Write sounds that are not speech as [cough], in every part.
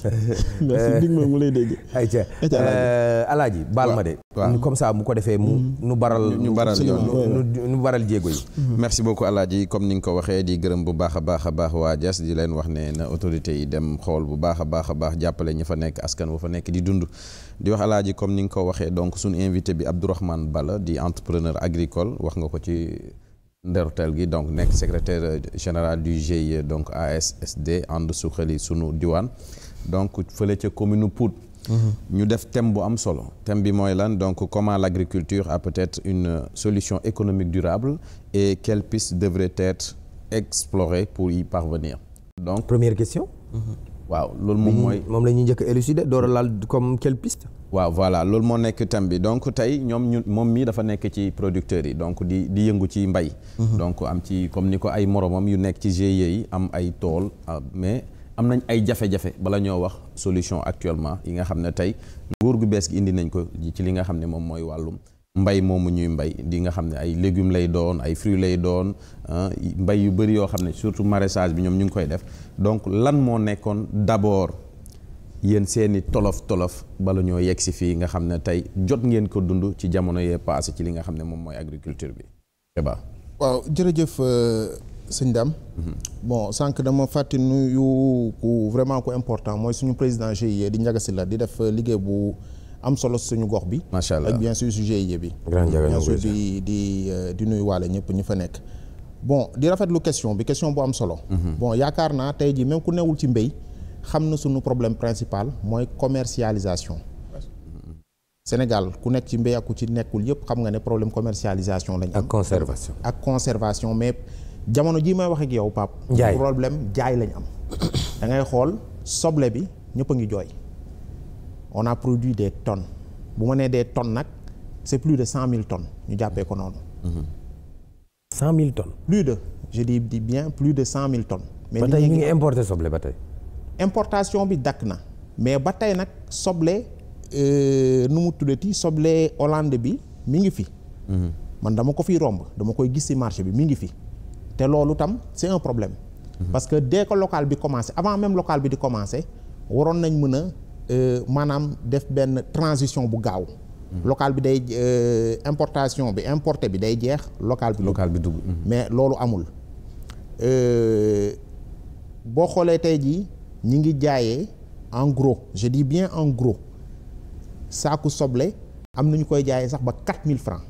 [laughs] merci euh, dig ma mu lay dégg. ayca [laughs] euh, alaaji baal ma de. comme sax mu ko defee mu. Mm-hmm. nu baral ñu baral yoon nu baral jéego yi. Mm-hmm. merci beaucoup alaaji comme ni nga ko waxee di gërëm bu baax baax a baax waa Diass di leen wax ne na autorité yi dem xool bu baax a baax a baax jàppale ñu fa nekk askan wa fa nekk di dund. di wax alaaji comme ni nga ko waxee donc suñu invité bi Abdourahmane Bala di entrepreneur agricole wax nga ko ci. ndertel gi donc nekk secretaire euh, général du GIE donc ASSD ànd suxali sunu diwaan donc fële ca commune Pout mhm. ñu def thème bu am solo thème bi mooy lan donc comment l'agriculture a peut-être une solution économique durable et quelles pistes devraient être explorées pour y parvenir donc première question mhm. waaw loolu moom mooy moom la ñuy njëkk élucider door a laal comme quelle piste waaw voilà loolu moo nekk thème bi donc tey ñoom ñu moom mii dafa nekk ci producteurs yi donc di di yëngu ci mbay mhm. donc am ci comme ni ko ay moromam yu nekk ci GIE yi am ay tool ah, mais am nañ ay jafe-jafe bala ñoo wax solution actuellement yi nga xam ne tey nguur gu bees gi indi nañ ko ci li nga xam ne moom mooy wàllum mbay moomu ñuy mbay di nga xam ne ay légumes lay doon ay fruits lay doon ah, mbay yu bëri yoo xam ne surtout maraîchage bi ñoom ñu ngi koy def donc lan moo nekkoon d'abord yéen seeni tolof tolof bala ñoo yegg si fii nga xam ne tey jot ngeen ko dund ci jamono yee passé ci li nga xam ne moom mooy agriculture bi. waaw jërëjëf. Euh, suñ dem mhm. bon sànq dama fàtti nuyu ku vraiment ku important mooy suñu président GIE di Ndiaga la di def liggéey bu am solo suñu gox bi. macha allah ak bien sûr su e bi. grand bien di di euh, di nuyu waale ñëpp ñu fa nekk. bon di rafetlu question bi question bu am solo. Mhm. bon yaakaar naa tey jii même ku newul ci mbéy xam na suñu problème principal mooy commercialisation. Sénégal ku nekk ci mbéy ak ku ci nekkul yëpp xam nga ne problème commercialisation lañ am. ak conservation ak conservation mais. jamono jii may wax ak yow Pape. jaay problème jaay lañ am. da ngay xool soble bi ñëpp ngi jooy. on a produit des tonnes bu ma nee des tonnes nag c' est plus de cent mille tonnes ñu jàppee ko noonu. cent mille tonnes. plus de je bien plus de cent mille tonnes. mais ba tey ñu ngi importé soble ba tey. importation bi dakk na mais ba tey nag soble euh, nu mu tuddati soble Hollande bi mi ngi fi. Mhm. man dama ko fi romb dama koy gis ci marché bi mi ngi fi. te loolu tam c'est un problème. Mhm. parce que dès que local bi commencé avant même locale bi di commencé waroon nañ mën a euh, maanaam def benn transition bu gaaw. Mhm. local bi day euh, importation bi importé bi day jeex. locale bi local bi dugg mhm. mais loolu amul. Euh, boo xoolee tey jii ñu ngi jaayee en gros je dis bien en gros saaku soble am na ñu koy jaayee sax ba mille francs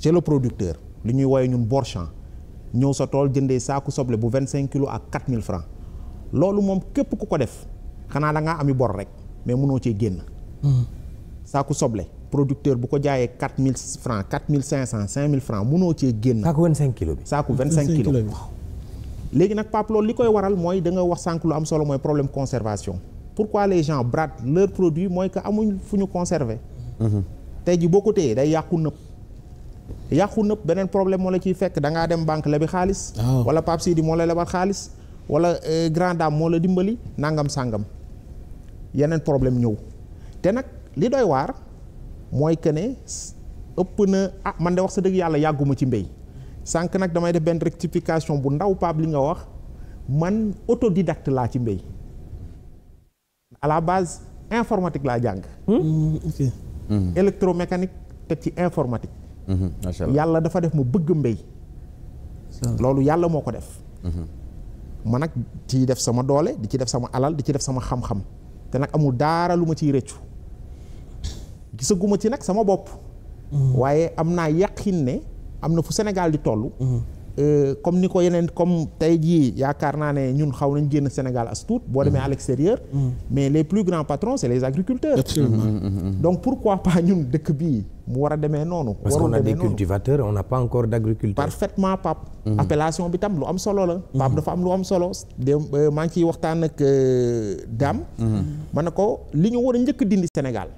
chez le producteur. li ñuy woowee ñun bor champ ñëw sa tool jëndee saaku soble bu vingt cinq kilo ak quatre mille francs loolu moom képp ku ko def xanaa da ngaa ami bor rek mais munoo cee génn. saaku soble producteur bu ko jaayee quatre mille francs quatre mille cinq cent cinq mille francs munoo cee génn. saaku vingt cinq kilos bi saaku vingt cinq kilos léegi nag Pape loolu li koy waral mooy da wax sànq lu am solo mooy problème conservation pourquoi les gens bradent leur produit mooy que amuñ fu ñu conserver. Mm-hmm. tey ji boo ko téyee day yàqu nëpp. yàqu nëpp beneen problème moo la ciy fekk da ngaa dem banque lebi xaalis. Ah. wala Pape Sidi moo la lebal xaalis. wala euh, Grand Dame moo la dimbali nangam sàngam yeneen problème ñëw te nag li doy waar mooy que ne ëpp na ah man de wax sa dëgg yàlla yàgguma ci mbéy sànq nag damay def benn rectification bu ndaw Pape li nga wax man autodidacte laa ci mbéy à la informatique laa jàng. Hmm? Hmm, électromécanique teg ci informatique. Mm-hmm. macha allah yàlla dafa def ma bëgg mbéy. loolu yàlla moo ko def. Mm-hmm. ma nag ciy def sama doole di ci def sama alal di ci def sama xam-xam te nag amul daara lu ma ciy rëccu gisaguma ci nag sama bopp. Mm-hmm. waaye am naa yàqin ne am na fu Sénégal di toll. Euh, comme ni ko yeneen comme tey jii yaakaar naa ne ñun xaw nañ génn Sénégal as tuut boo demee mm. à l'extérieur mm. mais les plus grands patrons c'est les agriculteurs mm, donc pourquoi pas ñun dëkk bii mu war a demee noonu parce qu'on a des cultivateurs on n'a pas encore d'agriculteurs parfaitement appellation bi tam lu am solo la Pape dafa am lu am solo de euh, maa ngi ciy waxtaan ak euh, Dame ne ko li ñu war a njëkk dindi Sénégal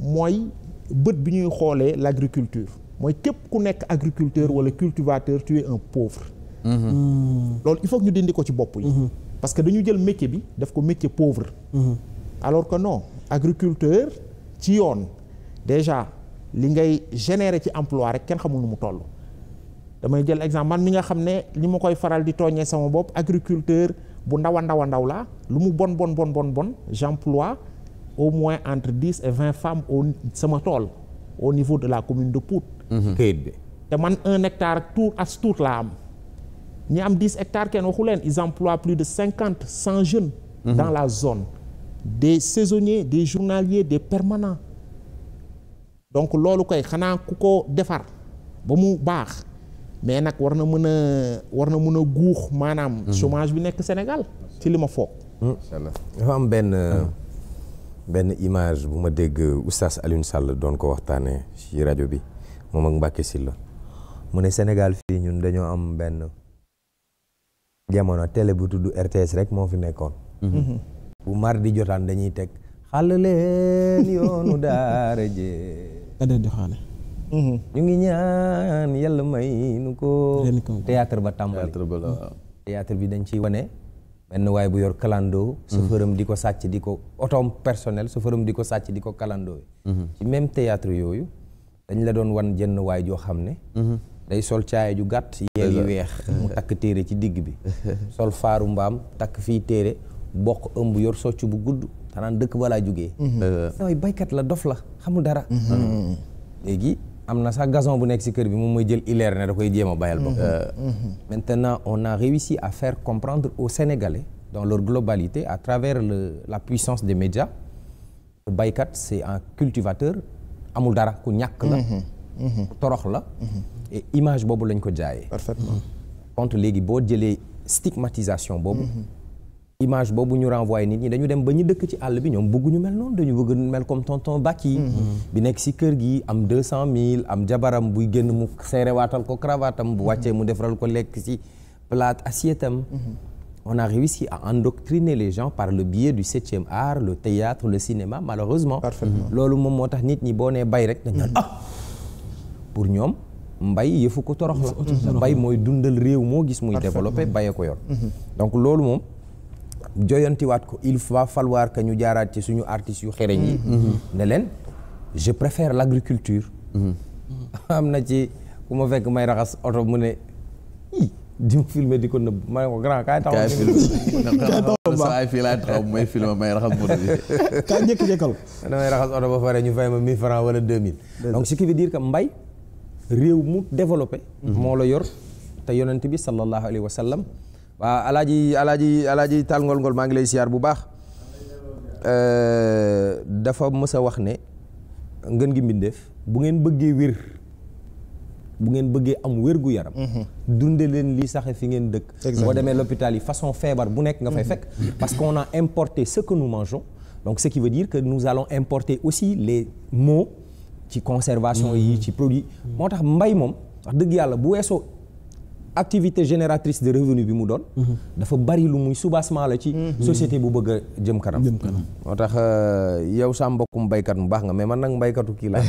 mooy bët bi ñuy xoolee l'agriculture mooy képp ku nekk agriculteur wala cultivateur tu es un pauvre. Mm-hmm. Mm. loolu il faut ñu dindi ko ci bopp yi. Mm-hmm. parce que dañu jël métier bi daf ko métier pauvre. Mm-hmm. alors que no agriculteur ci yoon déjà li ngay générer ci emploi rek kenn xamul nu mu toll. damay jël exemple man mi nga xam ne li ma koy faral di tooñee sama bopp agriculteur bu ndaw a ndaw a ndaw la lu mu bon bon bon bon bon j'emploie au moins entre dix et vingt femmes au sama tool. au niveau de la commune de Pout mhm. këyit bi te man un hectare tout as tuut laa am ñi am dix hectares kenn waxu leen ils emploient plus de cinquante cent jeunes mhm. dans la zone des saisonniers des journaliers des permanents donc loolu koy xanaa ku ko defar ba mu baax mais nag war na mën a war na mën a guux maanaam mhm. chômage bi nekk Sénégal ci li ma foog mm. dafa am benn mm. benn image bu ma dégg oustaz alin Sall doon ko waxtaanee si rajo bi moom ak Mbacke Sylla mu ne Sénégal fii ñun dañoo am benn jamono télé bu tudd RTS rek moo fi nekkoon. Mhm. bu mardi jotaan dañuy teg xàll leen yoonu daara jee. Mhm. ñu ngi ñaan yàlla may nu ko. théâtre ba tàmbali théâtre bi dañ ciy wane. benn waay bu yor kalandoo mhm. chauffeuram di ko sàcc di ko otoom personnel chauffeuram di ko sàcc di ko kalandoo mhm. ci même théâtre yooyu dañ la doon wan jenn waay joo xam ne mhm. day sol caaya ju gàtt yeew yu weex mu [laughs] takk téere ci digg bi [laughs] sol faaru mbaam takk fii téere bokk ëmb yor socc bu gudd xanaan dëkk balaa jógee saway baykat la dof la xamul dara léegi am na sax gazon bu nekk si kër bi moom mooy jël ileer ne da koy jéem a bayal ba mhm. euh, maintenant on a réussi à faire comprendre aux Sénégalais dans leur globalité à travers le la puissance des médias le baykat c'est un cultivateur amul dara ku ñàkk la mhm. Mhm. torox la image boobu lañ ko jaayee parfaitement contre léegi boo jëlee stigmatisation boobu image boobu ñu renvoyé nit ñi dañu dem ba ñu dëkk ci àll bi ñoom bëgguñu mel noonu dañu bëgg mel comme tonton Baki mm-hmm. bi nekk si kër gi am deux cent mille am jabaram buy génn mu seerewaatal ko cravaatam bu wàccee mu defaral ko lekk si plate assiette am mm-hmm. on a réussi à endoctriner les gens par le biais du septième art le théâtre le cinéma malheureusement mm-hmm. loolu moom moo tax nit ñi boo nee bay rek dañ naan ah pour ñoom mbay yëfu ko torox la mbay mooy dundal réew moo gis muy développé baye ko yor joyantiwaat ko il va falloir que ñu jaaraat ci suñu artistes yu xereñ yi mm-hmm. Mm-hmm. ne leen je préfère l'agriculture mm-hmm. am na ci ku ma fekk may raxas oto mu ne i di mu ma ne ko grand kaay taxaw saay [laughs] fii laa taxaw may filma may [laughs] [laughs] ba pare ñu fay ma 1000 francs wala 2000 donc ce qui veut dire que mbay réew mu développé moo la yor te yonent bi sallallahu alayhi wa waaw alaaji alaaji alaaji taal ngol ngol maa ngi lay siyaar bu baax dafa mës a wax ne ngeen gi mbindeef bu ngeen bëggee wér bu ngeen bëggee am wér gu yaram mhm. dunde leen lii saxe fi ngeen dëkk boo demee l'hôpital yi façon feebar bu nekk nga fay mhm. fekk parce que a importé ce que nous mangeons donc ce qui veut que nous allons importer aussi les maux ci conservation mhm. yi ci produit moo tax mbay moom wax dëgg yàlla bu weesoo activité génératrice de revenu bi mu doon. dafa bari lu muy soubassement la ci. Mhm. société bu bëgg jëm kanam. jëm kanam moo tax euh, yow sa mbokkum baykat mu baax nga mais man nag mbaykatu kii laa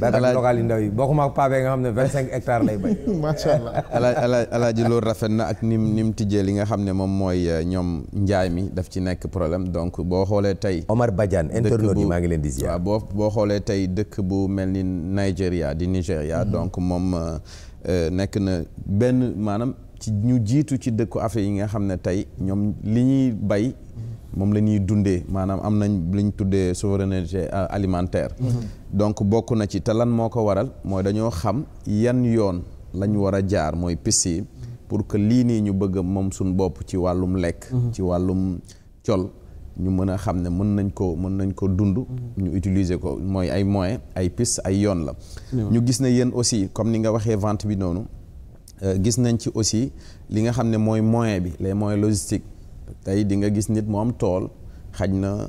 baykat [laughs] local yi ndaw yi bokkuma ak nga xam ne vingt cinq ectare lay bay. [laughs] macha allah alaaji loolu rafet na ak nim nim tijjee li nga xam ne moom mooy euh, ñoom njaay mi daf ci nekk problème donc boo xoolee tey. Omar Badiane internaute yi maa ngi leen di ziar. waaw boo boo xoolee tey dëkk bu mel ni Nigeria di Nigeria mhm. donc moom. Euh, Euh, nekk na benn maanaam ci ñu jiitu ci dëkku Afrique yi nga xam ne tey ñoom li ñuy bay moom la ñuy dundee maanaam am nañ li ñu tuddee souveraineté alimentaire mhm. donc bokk na ci te lan moo ko waral mooy dañoo xam yan yoon la ñu war a jaar mooy piste yi pour que lii nii ñu bëgg moom suñ bopp ci wàllum lekk mhm. ci wàllum col ñu mën a xam ne mën nañ ko mën nañ ko dund mm-hmm. ñu utiliser ko mooy ay moyens ay piste ay yoon la ñu gis ne yéen aussi comme ni nga waxee vente bi noonu euh, gis nañ ci aussi li nga xam ne mooy moyen bi les moyens logistiques tey di nga gis nit moom tool xaj na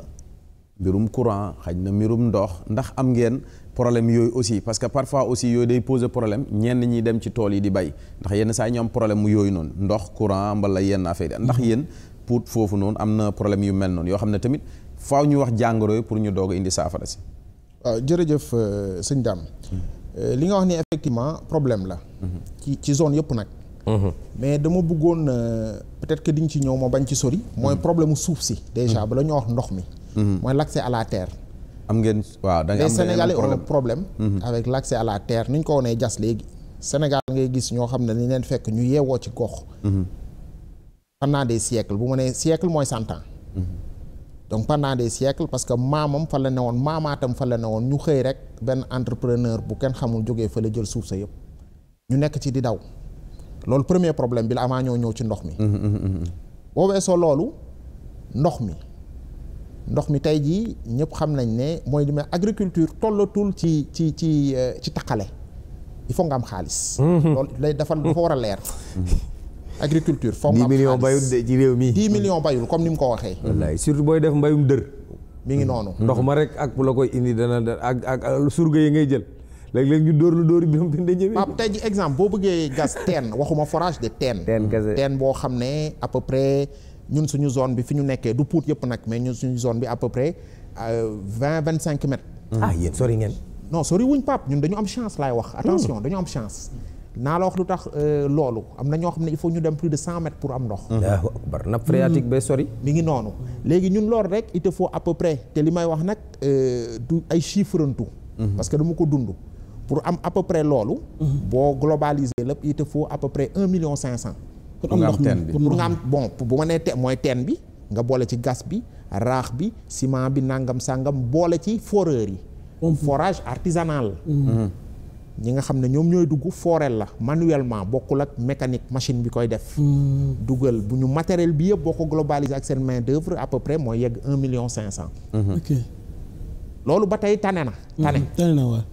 mbirum courant xaj na mbirum ndox ndax am ngeen problème yooyu aussi parce que parfois aussi yooyu day poser problème ñenn ñi dem ci tool yi di bay ndax yenn saa yi ñu am problème yooyu noonu ndox courant mbala yenn affaire ndax mm-hmm. yéen pour foofu noonu am na problème yu mel noonu yoo xam ne tamit faaw ñu wax jàngoro yi pour ñu doog indi saafara si. waaw jërëjëf euh, sëñ Dame. Euh, li nga wax ni effectivement problème la. ci ci zone yëpp nag. Mhm. mais dama bëggoon euh, peut-être que diñ ci ñëw ma bañ ci sori. mooy mhm. problème mu suuf si. déjà mhm. bala ñu wax ndox mi. mooy l'accès à la terre. am ngeen waaw da nga am les Sénégalais ont un problème. avec l'accès à la terre ni ñu ko wanee jas léegi. Sénégal ngay gis ñoo xam ne dañ leen fekk ñu yeewoo ci gox. pendant des siècles bu ma nee siècle mooy cent ans donc pendant des siècles parce que maamam fa la ne woon maamaatam fa la ne woon ñu xëy rek benn entrepreneur bu kenn xamul jógee fa la jël suuf sa yëpp ñu nekk ci di daw loolu premier problème bi la avant ñoo ñëw ci ndox mi mm-hmm, mm-hmm, mm-hmm. boo weesoo loolu ndox mi ndox mi tey jii ñëpp xam nañ ne mooy li ma agriculture tollatul ci ci ci euh, ci taqale il faut am xaalis loolu lay dafa dafa war a leer agriculture foog nga am xaalis 10 millions bayul de ci réew mi. comme ni mu ko waxee. surtout booy def mbayum dër. mi ngi noonu. Mm-hmm. ndox ma rek ak bu la koy indi dana ak ak surga yi ngay jël. léeg-léeg dóor lu dóor bi moom dañ exemple boo bëggee gas teen waxuma forage de teen. teen kese boo xam ne à peu suñu zone bi fi ñu nekkee du puut yëpp nag mais ñun suñu zone bi à peu près euh, vingt vingt cinq mètres. Ah, sori ngeen. non sori wuñ Pape ñun dañu am chance lay wax. Hmm. attention dañu am chance. naa la wax lu tax euh, loolu am na ñoo xam ne il faut ñu dem plus de cent mètres pour am ndox. Allahu akbar nappe bay hmm. sori. mi ngi noonu léegi ñun loolu rek il te faut à peu te li may wax nag euh, du ay chiffrantu. Hmm. parce que dama ko dund. pour am à peu loolu. Hmm. boo globaliser lépp il te faut à peu un million cinq cent. pour am ndox pour nga am bon bu ma nee te mooy teen bi nga boole ci gas bi raax bi ciment bi nangam sàngam boole ci foreur yi. forage artisanal. ñi nga xam ne ñoom ñooy dugg forel la manuellement bokkul ak mécanique machine bi koy def. Hmm. dugal bu ñu matériel bi yëpp boo ko globaliser ak seen main d'œuvre à près mooy yegg un million cinq cent. ok loolu ba tey tane na. Hmm, tane tane na waaw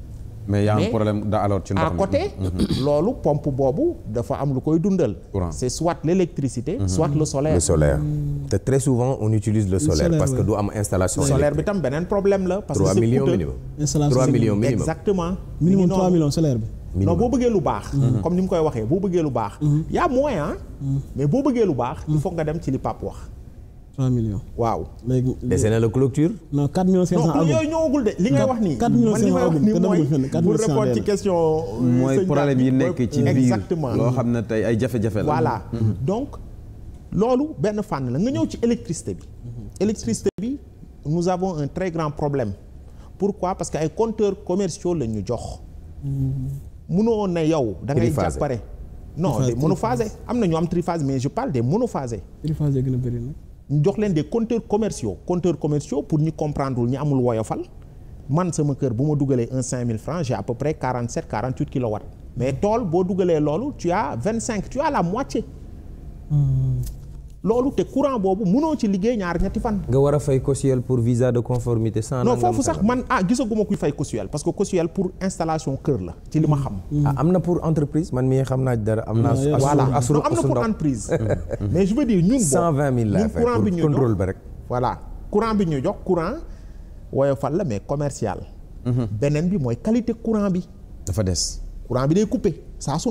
mais y a un problème da alors ci ndox mi mhm. loolu pomp boobu dafa am lu koy dundal. c'est soit l'électricité. Mhm. soit le solaire. le solaire hmm. te très souvent on utilise le solaire. parce que du am installation. solaire bi tam beneen problème la. parce que c'est 3 millions minimum. installation 3 millions minimum exactement. minimum 3 millions solaire bi. non boo bëggee lu baax. Mhm. comme ni mu koy waxee boo bëggee lu baax. y moyen mais boo bëggee lu baax. il faut nga dem ci li Pape wax. 3 millions waaw. léegi dese na la clôture. non 4 millions 500 yooyu ñëwagul de li ngay wax nii. 4 millions 500 agum te demul fenn 4 millions 500 ci question. Euh, mooy problème yi nekk ci biir loo xam ne tey ay jafe-jafe la. Mhm. donc loolu benn fànn la nga ñëw ci électricité bi. Mhm. électricité bi nous avons un très grand problème. pourquoi parce que ay compteurs commerciaux la ñu jox. Mhm. mënoo ne yow. da ngay jàppare non de monophasé am na ñoo am triphasé mais je de des monophasé. triphasé gën a bëri jox leen de compteurs commerciaux compteurs commerciaux pour ñu comprendre ñu amul woyofal man sama kër bu ma dugalee un cinq mille francs j'ai à peu près quarante sept quarante huit kilowatts mais tool boo dugalee loolu tu as vingt cinq tu as la moitié. Mmh. loolu te courant boobu mënoo ci liggéey ñaar ñetti fan. nga war a fay caution pour visa de conformité. sans non foofu sax man ah gisaguma kuy fay caution parce que caution pour installation kër la ci li ma xam. Mm-hmm. Ah, am na pour entreprise man mii xam naa dara am naa. voilà non am na pour entreprise. Mm-hmm. [laughs] mais je veux dire ñun. cent vingt mille laay fay courant bi ñu jox contrôle ba rek. voilà courant bi ñu jox courant woyofal la mais commercial. Mm-hmm. beneen bi mooy qualité courant bi. dafa des. courant bi day coupé saa su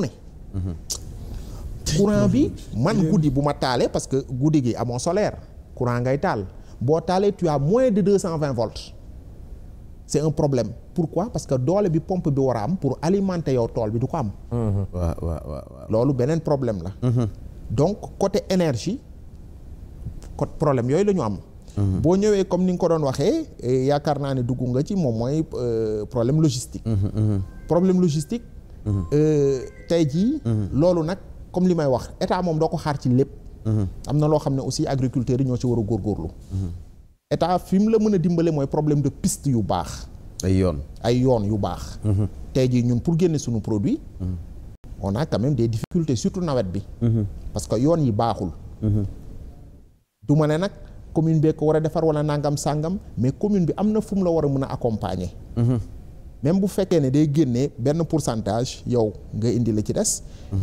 courant bi man guddi bu ma taalee parce que guddi gi amoo solaire courant ngay taal boo taalee tu as moins de deux cent vingt volts c'est un problème pourquoi parce que doole bi pompe bi war a am pour alimenter yow tool bi du ko am. Mm-hmm. loolu beneen problème la. Mm-hmm. donc côté énergie côté problème yooyu lañu am. Mm-hmm. boo ñëwee comme ni nga ko doon waxee eh, yaakaar naa ne dugg nga ci moom mooy euh, problème logistique. problème logistique. Euh, tey jii loolu nag. comme li may wax état moom doo ko xaar ci lépp. am na loo xam ne aussi agriculteurs yi ñoo ci war a góorgóorlu. état fi mu la mën a dimbale mooy problème de piste yu baax. ay yoon ay yoon yu baax. tey jii ñun pour génne suñu produit. moo a quand même des difficultés surtout nawet bi. parce que yoon yi baaxul. du ma ne nag commune bee ko war a defar walla nangam sàngam mais commune bi am na fu mu la war a mën a accompagner. même bu fekkee ne day génnee benn pourcentage yow nga indi la ci des.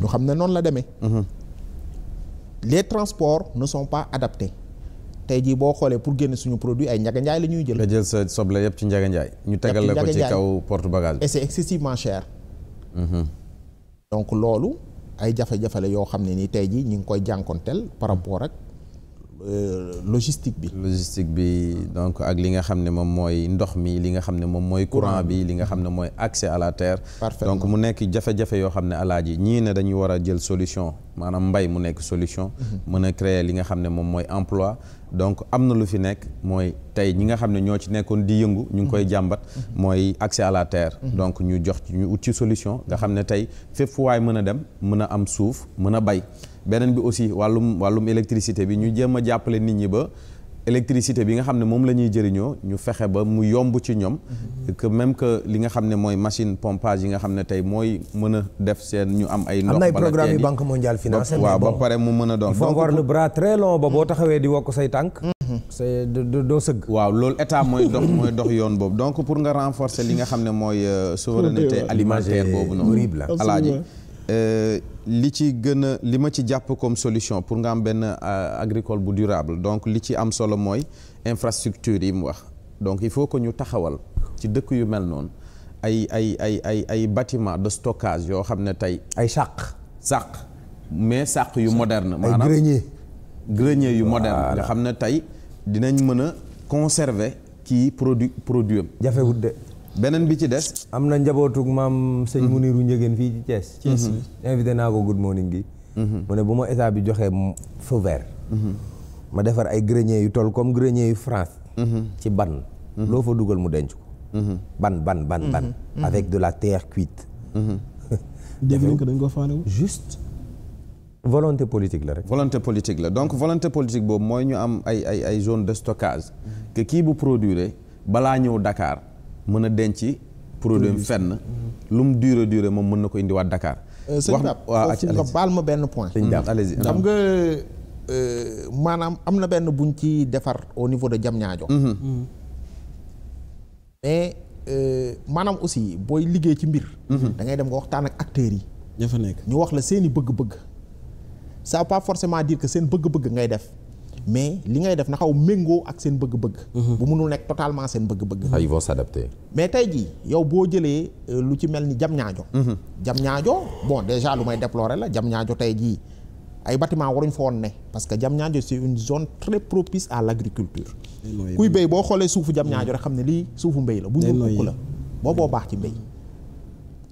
ñu xam ne noonu la demee. Mhm. les transports ne sont pas adaptés. tey jii boo xoolee pour génn suñu produit ay Ndiaga Ndiaye la ñuy jël. nga jël sa soble yëpp ci Ndiaga ñu tegal la ko ci kaw porte bagage et c'est excessivement cher. Mhm. donc loolu ay jafe-jafe yoo xam ne ni tey jii ñu ngi koy jànkonteel par rapport ak. Euh, logistique bi. logistique bi donc ak li nga xam ne moom mooy ndox mi li nga xam ne moom mooy. courant bi li nga xam ne mooy accès à la terre. donc mu nekk jafe yoo xam ne alaaji ñii ne dañuy war a jël solution maanaam mbay mu nekk solution. Mhm. mën a créer li nga xam ne moom mooy emploi. donc am na lu fi nekk mooy tey ñi nga xam ne ñoo ci nekkoon di yëngu ñu ngi koy mhm. jàmbat mhm. mooy accès à la terre donc ñu jox ci ñu ut ci solution nga xam ne tey fépp fu waay mën a dem mën a am suuf mën a bay beneen bi aussi wàllum wàllum électricité bi ñu jéem a jàppale nit ñi ba électricité bi nga xam ne moom la ñuy jëriñoo ñu fexe ba mu yomb ci ñoom que même que li nga xam ne mooy machine pompage yi nga xam ne tey mooy mën a def seen ñu am ay ndox na ay programme yu banque mondiale financé ba pare mu mën a doon il faut avoir le bras ba boo mm-hmm. taxawee di wokk say tànk mm-hmm. c'est doo sëgg waaw loolu état mooy dox mooy dox yoon boobu donc pour nga renforcer li nga xam ne mooy euh, souveraineté alimentaire boobu noonu alaaji Euh, li ci gën li ma ci jàpp comme solution pour nga am benn euh, agricole bu durable donc li ci am solo mooy infrastructure yi mu wax donc il faut que ñu taxawal ci dëkk yu mel noonu ay ay ay ay ay bâtiment de stockage yoo xam ne tey. ay sàq. sàq mais sàq yu moderne. maanaam ay grenier. grenier yu moderne nga xam ne tey dinañ mën a conserver kii produit produit am. jafewut beneen bi ci des. am na njabootug maam sëñ mm-hmm. Muniru Njëgeen fii ci Thiès. Mm-hmm. Thiès invité naa ko good morning gi. Mm-hmm. mu ne bu ma état bi joxee feu vert. ma defar ay grenier yu toll comme grenier yu France. ci ban. loo fa dugal mu denc ko. ban ban ban ban. avec de la terre cuite. [laughs] dégg nañ ko dañ ko faale juste. volonté politique la rek. volonté politique la donc volonté politique boobu mooy ñu am ay ay ay zone de stockage. que kii bu produire balaa ñëw dakaar mën a denc produit fenn lu mu duré duré moom mën na ko indiwaat Dakar euh, wax Dap foofu nga baal ma benn point hmm. xam nga euh, maanaam am na benn buñ ci defar au niveau de Diamniadio hmm. Hmm. mais euh, maanaam aussi booy liggéey ci mbir da ngay dem nga waxtaan ak acteurs yi ña fa nekk ñu wax la seen i bëgg-bëgg ça pas forcément dire que seen bëgg-bëgg ngay def mais li ngay def na xaw méngoo ak seen bëgg-bëgg. Mhm. bu mënul nekk totalement seen bëgg-bëgg. ah ils vont s'adapter. mais tey jii yow boo jëlee euh, lu ci mel ni jam ñaajo. jam ñaajo bon déjà lu may déplorer la jam ñaajo tey jii ay bâtiment waruñ fa woon ne parce que jam ñaajo c'est une zone très propice à l'agriculture. kuy béy boo xoolee suufu jam ñaajo rek xam ne lii suufu mbéy la. bu ñu kukk la booboo baax ci mbéy.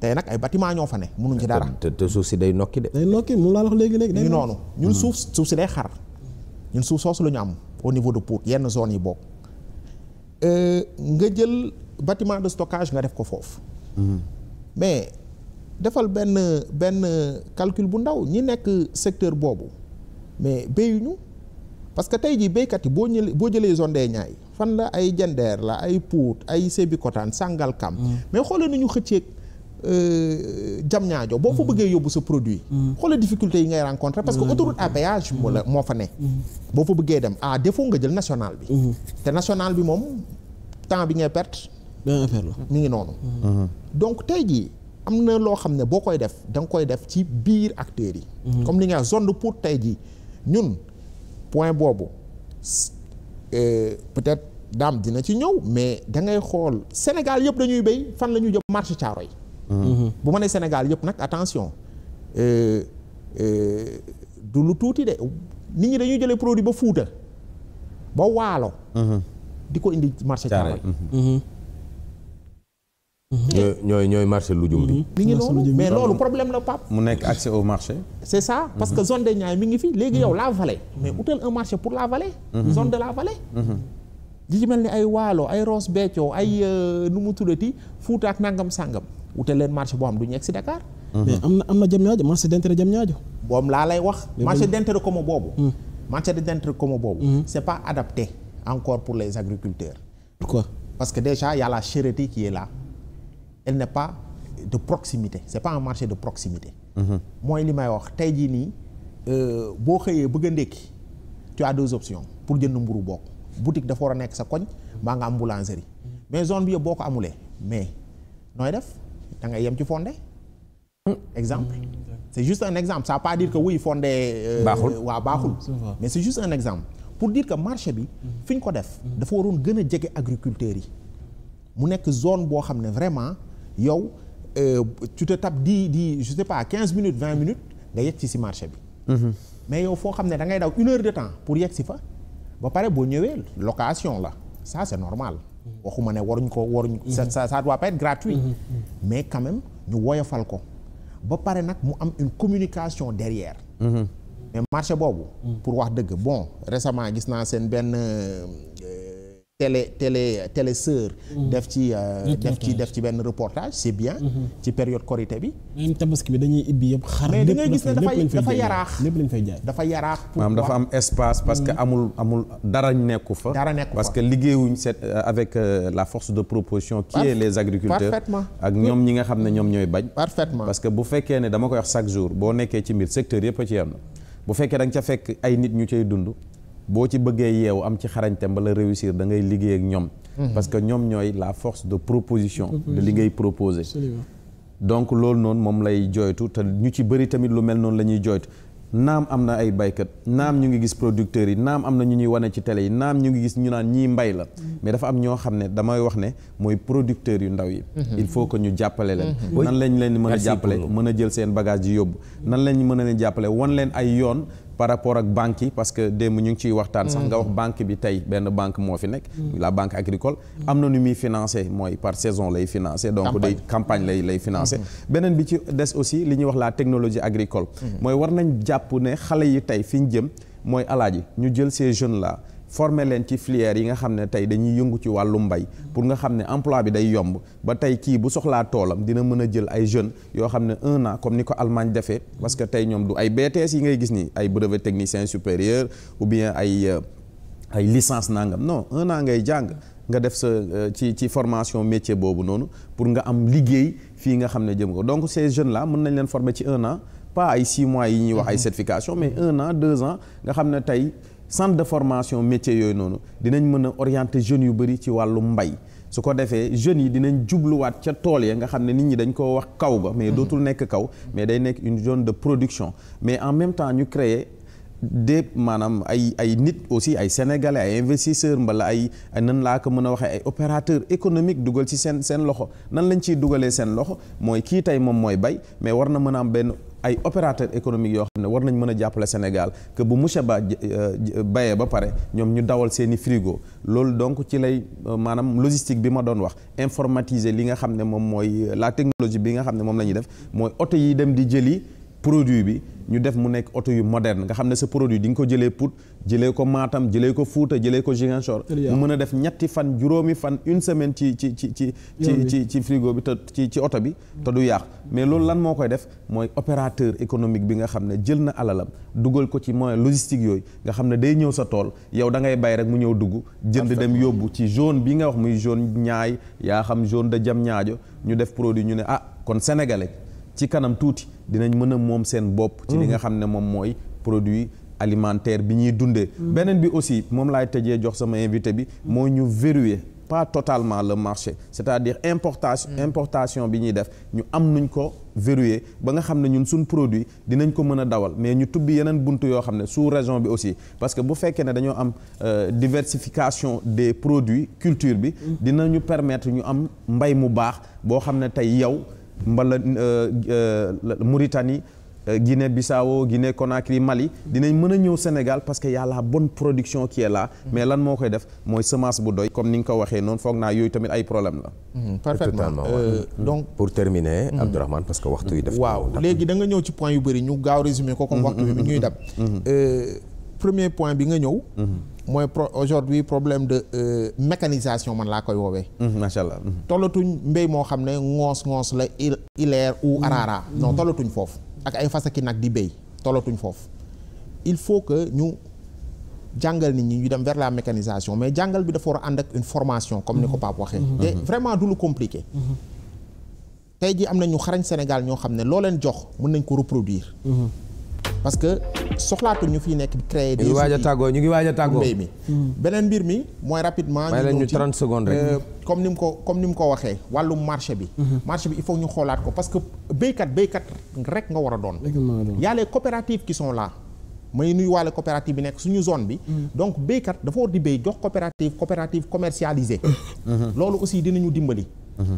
tey nag ay bâtiment ñoo fa ne mënuñ ci dara. te te suuf si day nokki de. day nokki mu laa léegi noonu ñun mhm. suuf suuf si day xar. ñun suuf soosu la ñu am au niveau de Pout yenn zone yi bokk euh, nga jël batiment de stockage nga def ko foofu. Mm-hmm. mais defal benn benn calcul bu ndaw ñi nekk secteur boobu mais béyuñu parce que tey jii béykat yi boo ñëlee boo jëlee zone des ñaay fan la ay Diender la ay Pout ay Sébikotane Sangalkam. Mm-hmm. mais xoolee nu ñu xëcceeg. Euh, jam ñaajo boo fa mm. bëggee yóbbu sa produit mm. xoola difficulté yi ngay rencontrer parce que mm. autoroute à péage wala moo fa ne boo fa bëggee dem à ah, défaut nga jël national bi te nationale bi moom temps bi ngay perte mi ngi noonu mm-hmm. donc tey jii am na loo xam ne boo koy def da nga koy def ci biir acteurs yi comme li nga zone de pour tey jii ñun point boobu euh, peut-être daam dina ci ñëw mais dangay xool Sénégal yëpp dañuy béy fan la ñuy jëm marché yi Mm-hmm. bu ma ne Sénégal yëpp nag attention euh, euh, du lu tuuti de nit ñi dañuy jëlee produit ba Fuuta ba Waalo mm-hmm. di ko indi marché Thiaroye mm-hmm. ñooy ñooy marché lujum bi mi ngi noonu mais loolu problème la pap mu nekk accès au marché c'est ça parce que zone de Niayes mi ngi fi léegi yow la vallée mais utal un marché pour la vallée zone de la vallée di ci mel ni ay Waalo ay Ross Béthio ay euh, nu mu tuddati Fuuta ak nangam sàngam wute leen marché boo xam du ñu egg si Dakar. Mhm. mais am na am na jëm ñaajo marché d'intérêt jëm ñaajo. boobu laa lay wax. Mhm. marché d'intérêt commun boobu. marché d'intérêt commun boobu. c'est pas adapté encore pour les agriculteurs. parce que déjà y a la charité qui est pas de proximité c'est pas un marché de proximité. Mhm. mooy li may wax tey jii nii euh, boo xëyee bëgg a ndékki tu as options pour jënd mburu bokk boutique dafa war a nekk sa koñ mbaa nga am boulangerie mais da ngay yem ci fonde hmm. exemple hmm, c'est juste un exemple ça veut pas dire que wuy fondé euh, baaxul euh, waaw baaxul hmm, mais c'est juste un exemple pour diir que marché bi fi ñu ko def dafa waroon gën a jege agriculteurs yi mu nekk zone boo xam ne vraiment yow euh, tu te tapes di di je sais pas quinze minutes vingt minutes nga yegg ci si marché bi mais yow foo xam ne dangay ngay daw une heure de temps pour yegg si fa ba pare boo ñëwee location la ça c'est normal waxuma ne waruñ ko waruñ ko ça ça doit pas être gratuit mm-hmm. mais quand même ñu woyofal ko ba pare nag mu am une communication derrière mm-hmm. mais marché boobu mm-hmm. pour wax dëgg bon récemment gis naa seen benn euh, télé télé télé sœur. Mm. def ci euh, def ci def ci benn reportage c'est mm-hmm. ci période korité bi. même tabaski bi dañuy ibbi yëpp xar mais da ngay gis ne dafay dafa yaraax lépp lañ fay jaay dafa yaraax. maanaam dafa am espace parce que mm-hmm. amul amul dara nekku fa. dara nekku fa parce que liggéeyuñ set euh, avec euh, la force de proposition. qui est les agriculteurs ak ñoom ñi nga xam ne ñoom ñooy bañ. parfaitement parce que bu fekkee ne dama koy wax chaque jour boo nekkee ci mbir secteur yëpp a ci yem na bu fekkee da ca fekk ay nit ñu cay dund. boo ci bëggee yeewu am ci xarañte mbala réussir da ngay liggéey ak ñoom mhm. parce que ñoom ñooy la force de proposition de li ngay proposer donc loolu noonu moom lay jooytu te ñu ci bëri tamit lu mel noonu la ñuy jooytu naam am na ay baykat naam ñu ngi gis producteurs yi naam am na ñu ñuy wane ci tele yi naam ñu ngi gis ñu naan ñii mbay la mhm. mais dafa am ñoo xam ne damay wax ne mooy producteurs yu ndaw yi mhm. il faut que ñu jàppale leen nan lañ leen mën a jàppale mën a jël seen bagage yóbbu nan lañ mën a jàppale wan leen ay yoon par rapport ak banque yi parce que démb ñu ngi ciy waxtaan sax nga wax banque bi tey benn banque moo fi nekk mm. la banque agricole mm. am na nu muy financé mooy par saison lay financé donc day campagne lay lay financé mm. beneen bi ci des aussi li ñuy wax la technologie agricole mooy war nañ jàpp ne xale yi tey fi ñu jëm mooy alaaji ñu jël ces jeunes là former leen ci filière yi nga xam ne tey dañuy yëngu ci wàllu mbay pour nga xam ne emploi bi day yomb ba tey kii bu soxlaa toolam dina mën a jël ay jeunes yoo xam ne un an comme ni ko Allemagne defee parce que tey ñoom du ay BTS yi ngay gis ni ay brevet technicien supérieur ou bien ay euh, ay licence nangam no un an ngay jàng nga def sa euh, ci ci formation métier boobu noonu pour nga am liggéey fii nga xam ne jëm ko donc ces jeunes là mën nañ leen former ci un an pas mois yi ñuy wax ay mhm. certification mais un an deux ans nga xam ne tey centre de formation métier yooyu noonu dinañ mëna a orienter jeunes yu bëri ci wàllu mbay su ko defee jeunes yi dinañ jubluwaat ca tool ya nga xam ne nit ñi dañ koo wax kaw ba mais mhm. dootul nekk kaw mais day nekk une zone de production mais en même temps ñu créer de maanaam ay ay nit aussi ay sénégalais ay investisseurs mbala ay nan laa ko mën a waxee ay opérateurs économiques dugal ci seen seen loxo nan lañ ciy dugalee seen loxo mooy kii tey moom mooy bay mais war na mën a am benn ay opérateurs économiques yoo xam ne war nañ mën a jàppale Sénégal que bu monsieur Ba euh, euh, bayee ba pare ñoom ñu dawal seeni frigo loolu donc ci lay euh, maanaam logistique bi ma doon wax informatiser li nga xam ne moom mooy la technologie bi nga xam ne moom la ñuy def mooy oto yi dem di jëli. produit bi ñu def mu nekk oto yu moderne nga xam ne sa produit di nga ko jëlee Pout jëlee ko maatam jëlee ko Fouta jëlee ko Ziguinchor mu mën a def ñetti fan juróomi fan une semaine ci ci ci ci ci ci frigo bi te ci ci oto bi te du yàq mais loolu lan moo koy def mooy opérateur économique bi nga xam ne jël na alalam dugal ko ci moyen logistique yooyu nga xam ne day ñëw sa tool yow da ngay bay rek mu ñëw dugg jënd dem yóbbu ci zone bi nga wax muy zone ñaay yaa xam zone de Diamniadio ñu def produit ñu ne ah kon sénégalais ci kanam tuuti dinañ mën a moom seen bopp. ci li nga xam ne moom mooy produit alimentaire bi ñuy dundee. beneen bi aussi moom laay tëjee jox sama invité bi. moo ñu verrouiller pas totalement le marché c'est-à-dire importation. Mm. importation bi ñuy def ñu am nuñ ko verrouiller ba nga xam ne ñun suñ produit dinañ ko mën a dawal mais ñu tubbi yeneen bunt yoo xam ne sous région bi aussi parce que bu fekkee ne dañoo am euh, diversification des produits culture bi. Mm. dinañu permettre ñu am mbay mu baax boo xam ne tey yow. mbala euh, euh, Mauritanie euh, Guinée Bissau Guinée Conakry Mali dinañ mën a ñëw Sénégal parce que yàlla bon production ki est là mhm. mais lan moo koy def mooy semence bu doy comme ni nga ko waxee noonu foog naa yooyu tamit ay problème la mhm, parfaitement mhm. donc pour terminer Abdourahmane parce que waxtu yi def waaw léegi da nga ñëw ci point yu bëri ñu gaaw résumé ko comme waxtu bi ñuy dab premier point bi nga ñëw mooy pro aujourd'hui problème de euh, mécanisation man laa koy woowee. Mhm, macha allah. Mhm. tollatuñ mbéy moo xam ne ŋoos ŋoos la ileer ou mhm. araara. non tollatuñ foofu ak ay fasaki nag di béy tollatuñ foofu. il faut que ñu jàngal ni ñi ñu dem vers la mécanisation mais jàngal bi dafa war ànd ak formation comme ni ko Pape waxee. te vraiment du lu compliqué. tey jii am na ñu xarañ Sénégal ñoo xam ne loo leen jox mën nañ ko reproduire. parce que soxlaatu ñu fi nekk créer des. ñu ngi waaj tàggoo ñu ngi waaj a tàggoo mbéy mi. Hmm. beneen mbir mi mooy rapidement. ñu ñu 30 secondes euh, comme ni mu ko comme ni mu ko waxee wàllum marché bi. Hmm. marché bi il faut ñu xoolaat ko parce que béykat béykat rek nga war a doon. y a les coopératives qui sont là. may nuyu waale coopérative bi nekk suñu zone bi. Hmm. donc béykat dafa war di béy jox coopérative coopérative commercialisée. loolu aussi dinañu dimbali.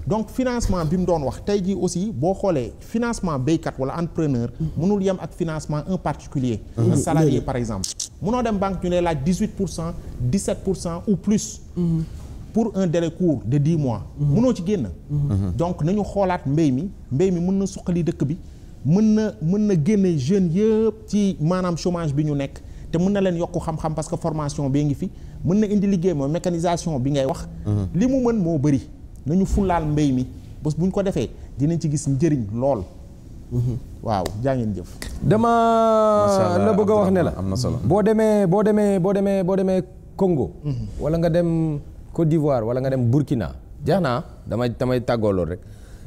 donc financement bi mu doon wax tey jii aussi boo xoolee financement béykat wala entrepreneur. mënul yem ak financement un particulier un mmh. salarié par exemple. mënoo dem banque ñu lay laaj dix huit pour cent dix sept pour cent ou plus. Mmh. pour un délai court de dix mois. mënoo mmh. ci génn. donc nañu xoolaat mbay mi mbay mi mën na suqali dëkk bi. mën na mën na génne jeunes yëpp ci maanaam chomage bi ñu nekk te mën na leen yokk xam-xam parce que formation bee ngi fi mën na indi liggéey mooy mécanisation bi ngay wax. li mu mën moo bëri. nañu fulaal mbéy mi bés bu ñu ko defee dinañ ci gis njëriñ lool. Mhm. waaw jaa jëf. dama la bëgg a wax ne la am na solo boo demee boo demee boo demee boo demee Congo. Mhm. wala nga dem Côte d'Ivoire wala nga dem Burkina. jeex naa damay damay tàggoo loolu rek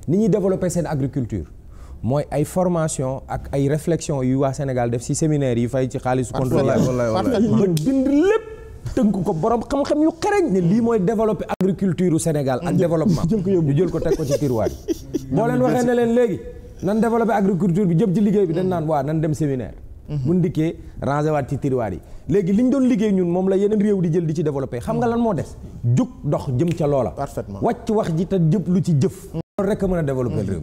ni ñuy développer seen agriculture mooy ay formation ak ay réflexion yu waa Sénégal def ci séminaire yi fay ci xaalisu contrôle. wallaay wallaay wallaay bind lépp. tënk ko borom xam-xam yu xereñ ne lii mooy développer agriculture Sénégal ak développement ñu jël ko teg ko ci tiroir yi boo leen waxee ne leen léegi nan développer agriculture bi jëm ci liggéey bi dañ naan waa nan dem séminaire mhm. bu ndikkee rangé waat ci tiroir yi léegi li ñu doon liggéey ñun moom la yeneen réew di jël di ci développer xam nga mhm. lan moo des jug dox jëm ca loola wàcc wax ji te jëpp lu ci jëf mhm. loolu rek a mën a développer réew